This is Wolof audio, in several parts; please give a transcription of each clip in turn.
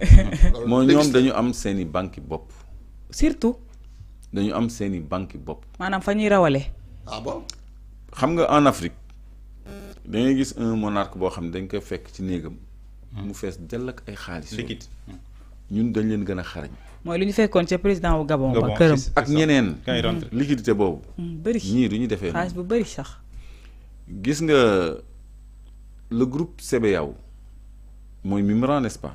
moo om dañu am seeni banki bopp. surtout. dañu am seeni banki bopp. maanaam fa ñuy rawale. ah bon. xam nga en Afrique da ngay gis un monarque boo xam ne dañ koy fekk ci néegam. mu fees dell ak ay xaalis. liquide ñun dañ leen gën xarañ. mooy lu ñu fekkoon ca président wu Gabon. ba këram ak ñeneen. Mm. liquidité boobu. Mm, bëri ñii du ñu defee xaalis bu bëri sax. gis nga le groupe CBAO mooy Mimran n'est-ce pas.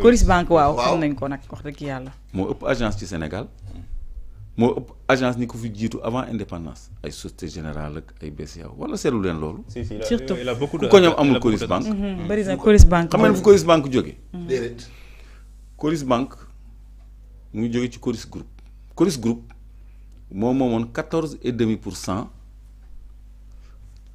Coris Bank waaw xam nañ ko nag wax dëgg yàlla. moo agence ci Sénégal moo ëpp agence ni ko avant indépendance ay société générale ay BCA wala seetlu leen loolu. surtout ku ko amul Coris Bank. Mm-hmm. Mm-hmm. na Coris Bank xam fu Coris Bank jógee. Mm-hmm. déedéet Coris Bank ci Coris Group Coris Group moo et demi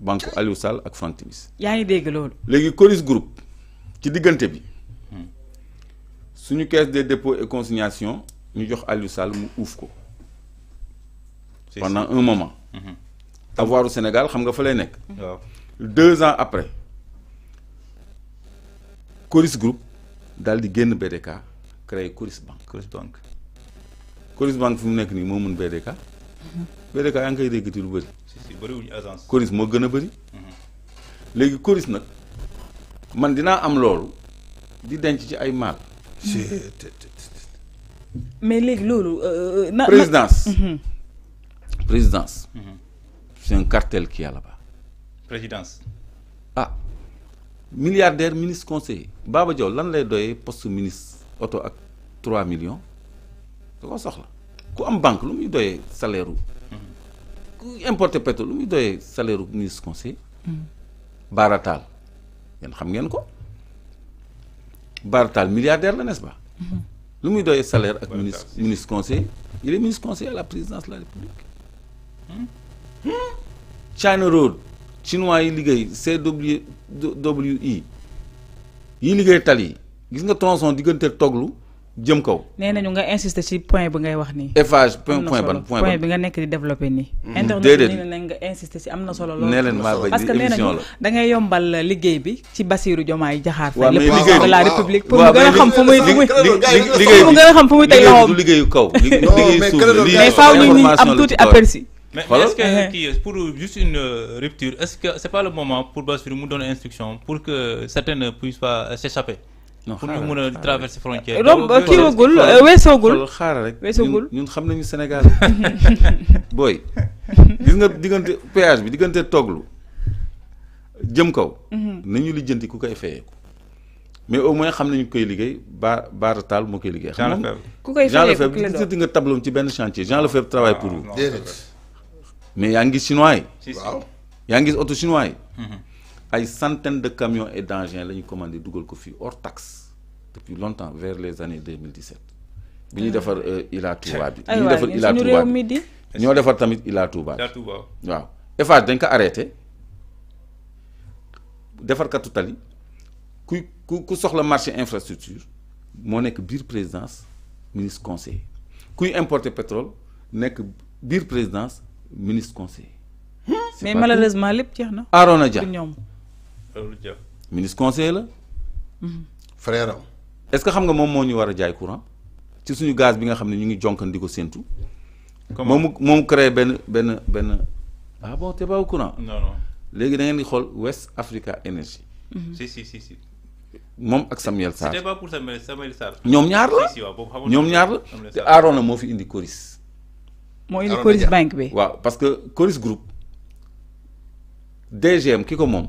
banque Aliou Sall ak Franck Timis. yaa ngi dégg loolu. Le Coris Group ci diggante bi suñu caisse des dépôts et consignations, ñu jox Aliou Sall mu uuf ko. pendant un moment. Mhm. avoir au Sénégal xam nga fa lay nekk. deux ans après Coris Group d'al di génn BDK créé Coris Bank. Coris Bank. Coris Bank fu mu nekk nii BDK. BDK yaa ngi koy déggati lu bëri. si si bëriwuñu agence. Coris moo gën a bëri. Mm-hmm. léegi Coris nag man dinaa am loolu di denc ci ay maal. mais léegi loolu. Euh, euh, euh, na présidence. Mm-hmm. présidence. Mm-hmm. c'est un cartel qui est là-bas. présidence. ah milliardaire ministre conseil Baba Diaw lan lay doyee poste ministre auto ak 3 millions da ko soxla ku am banque lu muy doyee salaire ku importer pétrole lu muy doyee salaire ministre conseil hmm. baratal yéen xam ngeen ko Baratal milliardaire la n'est-ce pas hmm. lu muy doyee salaire ak ministre ministre conseil il est ministre conseil à la présidence de la république hmm. China Road chinois yi liggéey CWI yi liggéey tali gis nga tronçon diggante toglu jëm kaw. nenañu nga insister ci point bi ngay wax ni Eiffage point point ban point point bi nga nek di développer ni mm-hmm. internet ni nga insister ci amna solo. loolu parce que nenañu da ngay yombal liggéey bi ci Bassirou Diomaye jaxar Faye. waaw mais liggéey la république pour mu xam fu muy. liggéey pour mu gën a xam fu muy tey loxoom. liggéeyu kaw liggéeyu suuf mais faaw ñu am touti aperçu. Mais est-ce que uh-huh. qui, pour juste une euh, rupture, est-ce que c'est pas le moment pour Bassirou nous donner instruction pour que certaines ne puissent pas euh, s'échapper non pour ñu mën a traverser frontière. romb kii wagul xaaral rek ñun xam nañu Sénégal booy gis nga diggante péage bi diggante tooglu jëm kaw. Mhm. nañu lijjanti ku koy fayeeku mais au moins xam nañu koy liggéey baa Ba Taal moo koy liggéey. Jean Lefebvre ku koy fayeeku ku nga tabloom ci benn chantier Jean Lefebvre ah, travaille pour vous. mais yaa ngi chinois yi. yaa ngi auto chinois yi. Mhm. ay centaines de camions et d'engins la a commandé Google ko hors taxe depuis longtemps vers les années 2017 tout ñuy ah. euh, Il a Touba bi a ñuy defar Ila Touba a ñoo defar tamit a Touba bi Et Eiffage dañ ko arrêté defarkatu tout ku ku ku le marché infrastructure moo nekk biir présidence ministre conseil importe importer pétrole nekk biir présidence ministre conseil hmm? mais malheureusement lépp jeex na Arona Dia ñoom ministre conseil la. Mhm. frère est-ce que xam nga moom moo ñu war a jaay courant ci suñu gaz bi nga xam ne ñu ngi jonkan di ko séntu. comment moom ben ben benn ah bon t'es pas au courant. non non léegi da ngeen di xool West Africa Energy. Mhm. si si si si. moom ak Samuel Sarr c'était pas pour Samuel Samuel Sarr. ñoom ñaar la ñoom ñaar la te Arona moo fi indi Coris. mo indi Coris bank bi. waaw parce que Coris group, DGM ki ko moom.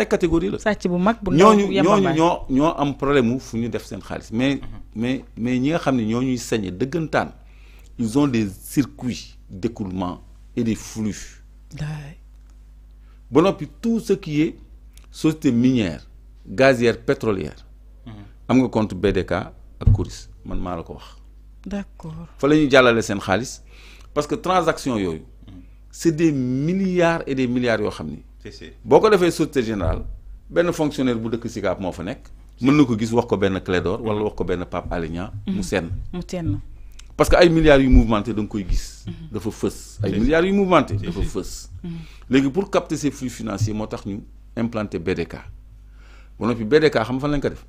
ay catégorie la sàcc bu mag bu ndaw ñooñu ñooñu ñoo ñoo am problème fu ñu def seen xaliss mais mhm. mais mais ñi nga xamni ne ñoo ñuy sañe ils ont des circuits d'écoulement et des flux bon puis tout ce qui est société minière gazière pétrolière mhm. am nga compte BDK ak Coris man maa la ko wax d'accord fa lañu jallalé jàllale seen parce que transaction yoyu mhm. c'est des milliards et des milliards yo xamni boo ko defee société générale benn fonctionnaire bu dëkk Sicap moo fa nekk mën na ko gis wax ko benn Clédor wala wax ko benn Pape Alé Niang mu mm-hmm. senn mu senn parce que ay milliards yu mouvementé da nga koy gis mm-hmm. dafa fës ay milliards yu mouvementé dafa fës mm-hmm. léegi pour capter ces flux financiers moo tax ñu implanté BDK ba noppi BDK xam fan lañ ko def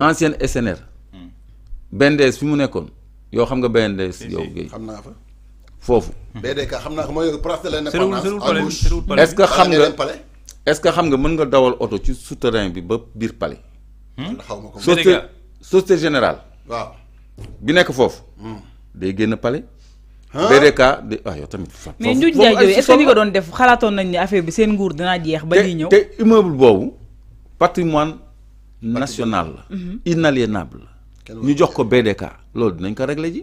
ancienne SNR mm. BNDES fi mu nekkoon yoo xam nga BNDES yow Guèye xam naa foofu. BDK xam naa ko mooy est-ce que xam nga est-ce que xam nga mën nga dawal oto ci souterrain bi ba biir palais. Hmm? xaw ma ko société société générale. waaw bi nekk foofu. Hmm. day génn palais. BDK de ah yow tamit. mais Ndiou Ndiaye Diop est-ce doon def xalaatoon nañ ne affaire bi seen nguur danaa jeex. ba ñuy ñëw te boobu. patrimoine national mhm. jox ko BDK loolu dinañ ko régler ji.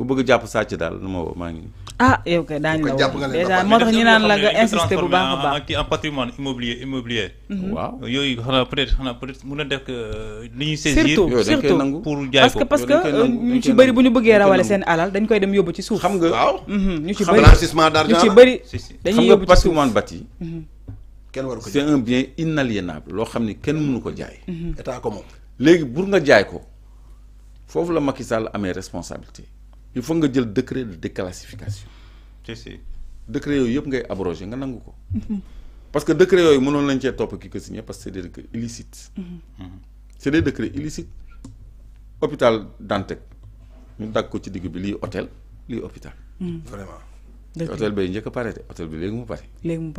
ku bëgg jàpp sàcc daal nu ma woo maa ngi. ah yow kay daañu la woo dèjà moo tax ñu naan la nga insister bu baax a baax en patrimoine bien inaliénable loo xam ni kenn mënu ko jaay. Mhm. léegi pour jaay ko foofu la Macky Sall amee responsabilité il faut que nga le décret de déclassification. ça. Le décret est ngay abrogé parce que décret yooyu mënoon lañ cee topp ki ko signé parce que c'est illicite des décrets illicites. illicite. Mhm. des décrets illicites. hôpital Dantec ñu dagg ko ci bi hôtel un hôpital. Mhm. vraiment. hôtel bay njëkk a de hôtel bi léegi mu mu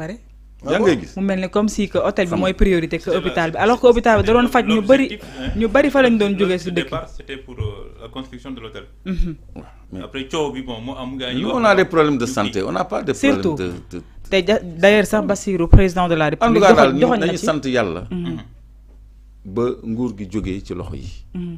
yaa ngi gis mu mel ne comme si que hôtel bi mooy priorité que hôpital bi alors que hôpital bi da doon faj ñu bëri hein. ñu bëri fa lañ doon jógee si dëkk c'était pour euh, la construction de l'hôtel mhm. après coow bi bon moo am gars ñu on a des problèmes de santé on a pas de problème de. te d'ailleurs sax Bassirou président de la république joxoñ na ci dañu sant yàlla mhm. ba nguur gi jógee ci loxo yi mhm.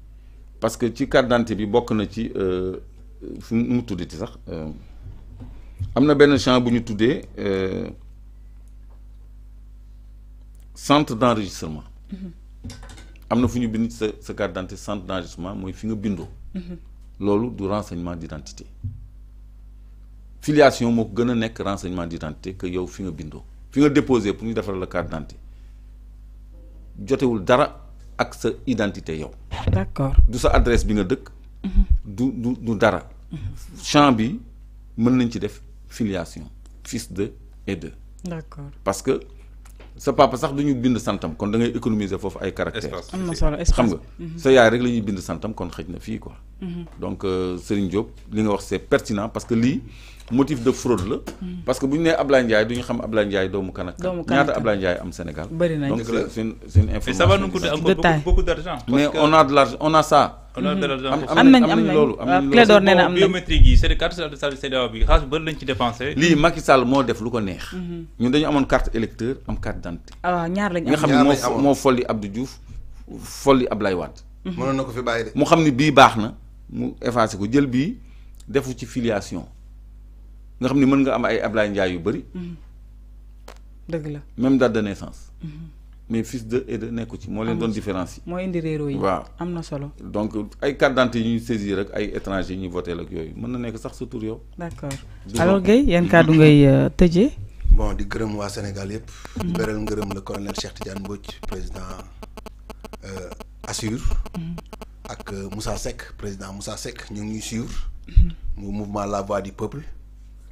parce que ci carte d'identité bi bok na ci euh mu tuddi sax euh, am na benn champ bu ñu euh centre d'enregistrement mm-hmm. am na fu ñu bind ci sa carte d'identité centre d'enregistrement moy fi nga bindoo mm-hmm. lolu du renseignement d'identité filiation moo ko gën a renseignement d'identité que yow fi nga bindo fi nga déposer pour ñu défar la carte d'identité jotewul dara ak sa identité yow d'accord du sa adresse bi nga dëkk. du du du dara. champ bi mën nañ ci def filiation fils de et de. d'accord parce que sa papa sax duñu bind santam kon da ngay économiser foofu ay caractères. xam nga mhm. sa yaay rek la bind santam kon xëj na fii quoi. Mhm. donc euh, Serigne Diop li nga wax c'est pertinent parce que lii motif de fraude la. Hmm. parce que buñ né nee Ablaye Ndiaye du xam Ablaye Ndiaye doomu kan ak kan ñaata Ablaye Ndiaye am Sénégal. bëri nañ donc c'est une c'est une information. ça va nous coûter encore beaucoup beaucoup d'argent. mais on a de l'argent on a ça. on a de l'argent am nañ am lolu am nañ loolu. clé d'or nee na am nañ biométrique yi c'est carte de service CEDEAO bi xass bëri lañ ci dépenser li Macky Sall mo def lu ko neex. Mhm. ñun dañu amone carte électeur am carte d'identité. ah ñaar lañ am ñaar nga xam ne moo folli Abdou Diouf folli Ablaye Wade. mënon nako fi bàyyi de. mu xamni bi bii mu effacer ko jël bi defu ci filiation nga sais que tu nga am ay Ablaye Ndiaye yu bëri. Mm-hmm. dëgg la même date de naissance. Mm-hmm. mais fils de et de nekku ci moo leen doon différence C'est ce indi réeroo yi waaw am na solo. donc ay carte d'identité yu ñu saisir ak ay étrangers ñu voté ak yooyu mën na nekk sax sa tur yow. d'accord alors Guèye yan kàddu ngay euh, tëjee. bon di gërëm au Sénégal Je mm-hmm. beral ngërëm le colonel Cheikh Tidiane Bouch président euh, Assur. ak euh, Moussa Seck président Moussa Seck ñu ngi ñuy suivre. mouvement La Voix du Peuple.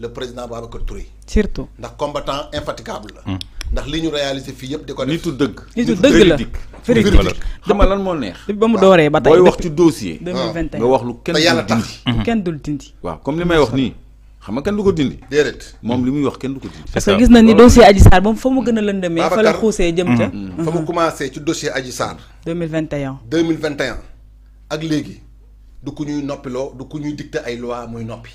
le président Babacar Touré. surtout ndax combattant infatigable hmm. ndax li ñu fi yépp diko di ko def. nitu dëgg. nitu dëgg la véridique xam nga lan mo neex. ba mu dooree ba tay. booy wax ci dossier. 2021 ah. nga wax lu kenn dul dindi. kenn dul dindi. waaw comme limay wax ni. xam nga kenn du ko dindi. déedéet moom li muy wax kenn du ko dindi. parce que gis na ni dossier Adji Sarr moom fa mu gën a lëndamee. fa la xuusee jëm ca. Hmm. fa mu commencé ci dossier Adji Sarr. 2021. 2021 ak léegi du ku ñuy noppiloo du ku ñuy dicté ay loi muy noppi.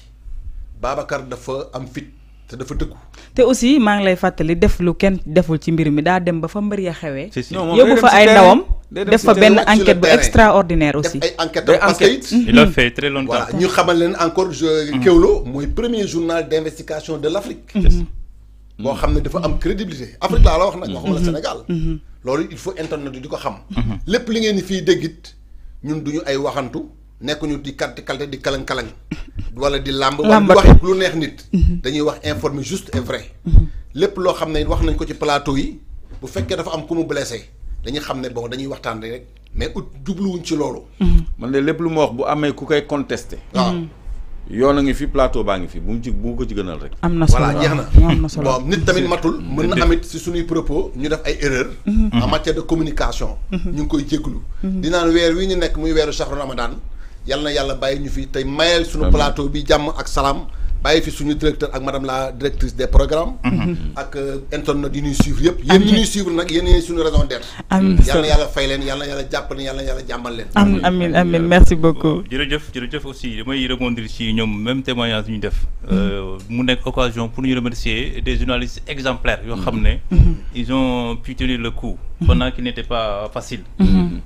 Babacar dafa am fit te dafa dëggu. te aussi maa ngi lay fatali def lu kenn deful ci mbir mi da dem ba fa mbër ya xewee. yóbbu fa ay ndawam. def fa ben enquête bu extraordinaire aussi. ay enquête parce que mm-hmm. il a fait très longtemps. voilà ñu xamal leen encore mm-hmm. Kewlo moy premier journal d'investigation de l'Afrique mm-hmm. Afrique. xamné dafa am crédibilité. Afrique la wax nak waxuma la Sénégal. lolu il faut internet diko xam. lepp li ngeen fi fii ñun duñu ay waxantu nekkuñu di carte kàtt di kalang kalang wala di lamb wala wax lu neex nit mhm. dañuy wax informé juste et vrai mhm. lepp lo xamné wax nañ ko ci plateau yi bu fekkee dafa am ku mu blessé dañuy xamné bon dañuy waxtaan rek mais ut jubluwuñ ci lolu mhm. man né lepp lu ma wax bu amé ku koy contester waaw ah. yoon a fi plateau baa ngi fi bu mu ci bu ko ci gënal rek am na solo voilà jeex na solo bon nit tamit matul mën na amit ci suñuy propos ñu def ay erreur en matière de communication ñu ngi koy jéglu dinaan weer wi ñu nek muy weeru saxru ramadan Yalla yalla baye ñu fi tay suñu plateau bi ak salam baye fi suñu directeur madame la directrice des programmes mhm. ak euh, suivre yépp ñi suivre suñu raison d'être yalla yalla fay leen yalla yalla yalla leen amin amin merci beaucoup euh, jërëjëf jërëjëf aussi damay ci même témoignage ñu def mhm. euh, mu nek occasion pour remercier des journalistes exemplaires yo mhm. ils ont pu tenir le coup pendant qu'il n'était pas facile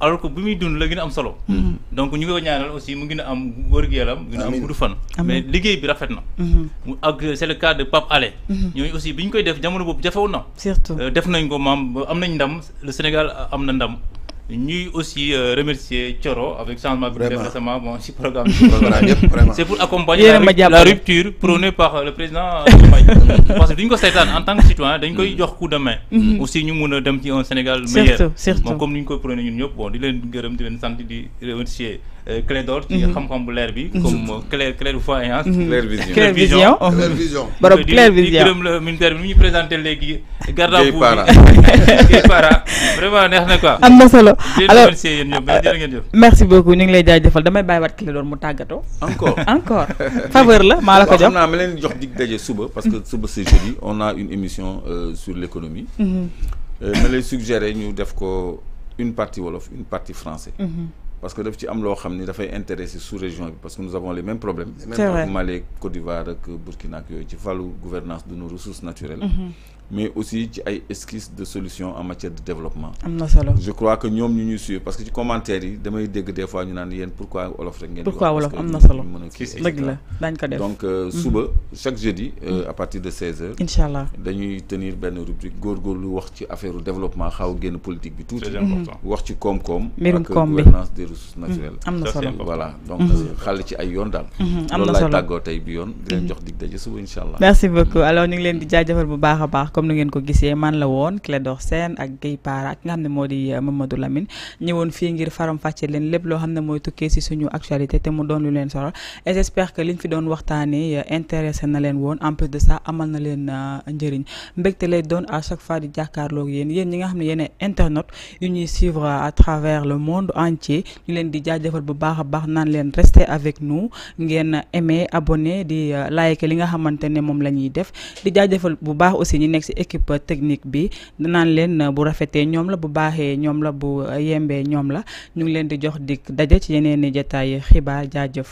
alors que bu muy dund la gën am solo. Mm-hmm. donc ñu ngi ko ñaanal aussi mu gën a am wér-gu-yaram. gën a am gudd fan. mais liggéey bi rafet na. Mm-hmm. mu ak c' est le cas de Pape Alé. Mm-hmm. ñooñu aussi bi ñu koy def jamono boobu jafewoon na. surtout euh, def nañ ko maam am nañ ndam le Sénégal am na ndam. nous aussi euh, remercier Thioro avec changement bi récemment bon si programme c'est pour accompagner la rupture prônée par euh, le président euh, parce que nous ko seetaan en tant que citoyen dañ koy mm. jox coup de main mm-hmm. aussi nous mun a dem ci un Sénégal meilleur bon comme nous ñu koy prôné ñun ñëpp bon di leen gërëm di di remercier euh, dor, ci xam-xam bu leer bi. Mhm. comme euh, clair voyance mhm. clair vision clair vision. borom clair vision gërëm le ministère bi ñu présenter légui garda bu Guèye Para vraiment neex na quoi. am na solo alors merci beaucoup ñu ngi lay jaajëfal damay bàyyiwaat Clédor mu tagato encore encore faveur la maa la ko jox. waaw ma leen jox dig dajé suba parce que suba c'est jeudi on a une émission euh, sur l'économie. Mhm. ma lay suggérer ñu def ko une partie wolof une partie français parce que daf ci am lo xamni da fay intéresser sous région parce que nous avons les mêmes problèmes Même Mali Côte d'Ivoire que Burkina ak ci gouvernance de nos ressources naturelles mhm mais aussi ci ay esquisse de solution en matière de développement. amna solo je crois que ñom ñu ñuy suivre parce que ci commentaire yi damay dégg des fois ñu naan yéen pourquoi olof rek ngeen. pourquoi olof amna solo dëgg la dañ ko def donc euh, mhm. suba chaque jeudi. Euh, mhm. à partir de 16h. incha dañuy tenir ben rubrique gor gor lu wax ci affaire développement xaw génn politique bi tuuti. wax ci koom-koom. ak gouvernance des ressources mhm. naturelles. amna solo voilà donc xal ci ay yoon dal amna solo lay laay tay bi yoon. di leen jox dig daje suba incha merci beaucoup alors ñu ngi leen di jaajëfal bu baax a baax comme ni ngeen ko gisee man la woon Clédor Sène ak Guèye Para ak nga xam ne moo di euh, Mamadou Lamine ñëwoon fii ngir faram fàcce leen lépp loo xam ne mooy tukkee ci suñu actualité te mu doon lu leen solo et j'espère que liñ fi doon waxtaanee euh, na leen woon en de ça amal na leen euh, njëriñ mbégte lay doon à chaque fois di jàkkaarloog yéen yéen ñi nga xam ne yéen internautes yu ñuy suivre à travers le monde entier ñu leen di jaajafal bu baax a baax naan leen restez avec nous ngeen aimé abonné di like li nga xamante ne moom la ñuy def di jaajëfal bu baax aussi ñi nekk si équipe technique bi naan leen bu rafetee ñoom la bu baaxee ñoom la bu yembee ñoom la ñu ngi leen di jox dig daje ci yeneen i jataay xibaar jaajëf